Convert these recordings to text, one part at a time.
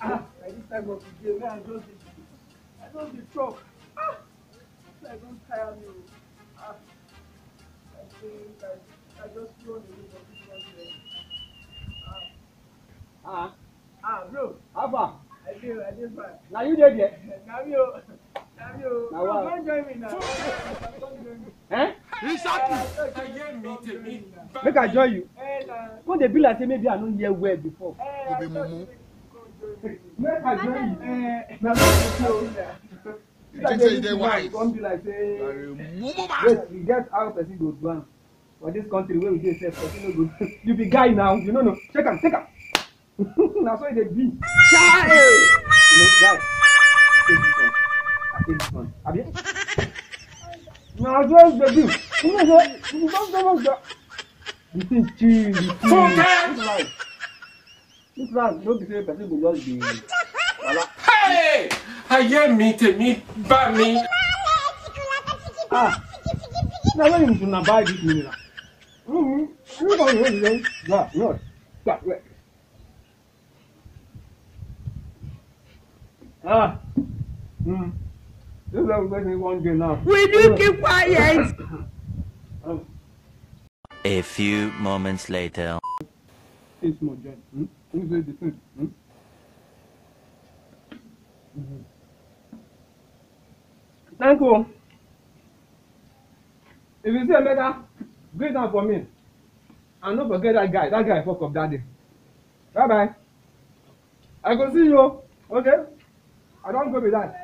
Ah, by this time of the day, man, I don't be, I don't be drunk. Ah, so I don't tire me. Ah, I think I, I just run away of this one there. Ah. Ah. Ah, bro. Abba. I do, I do fine. Now you there, there? Now you. Now you. Now bro, don't join me now. Don't join me. Eh? Exactly make i join you come dey be like say maybe i no hear well before. o be mumu. make i join you na no be so. you think say you dey wise. come be like say mumu ma. wait we get how person go do am for this country wey we dey sef person no go you be guy now you no know check am take am na so e dey be. chai. you know guy take this one i take this one Have you? so I dey be you know say you see chill you see this life this life no be say person go just dey wala. ayé mi tèmi bá mi. ah na when you una buy this mineral. Mm-hmm. You know what you Yeah, no. Yeah, right. Ah. Hmm. This is what we one day now. Will you keep quiet? A few moments later. Eight more join. Hmm? Who's the difference? Hmm? Mm-hmm. Thank you. If you see Emeka, greet am for me. And don't forget that guy. That guy fuck up that day. Bye bye. I go see you. Okay? I don't go be that.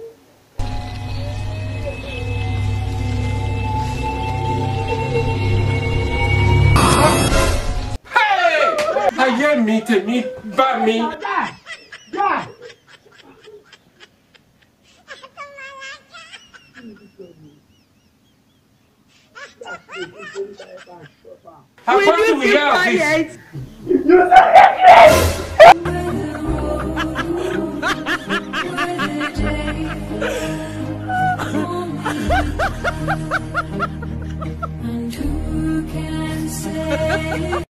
me to me by me. How do we have? and who can say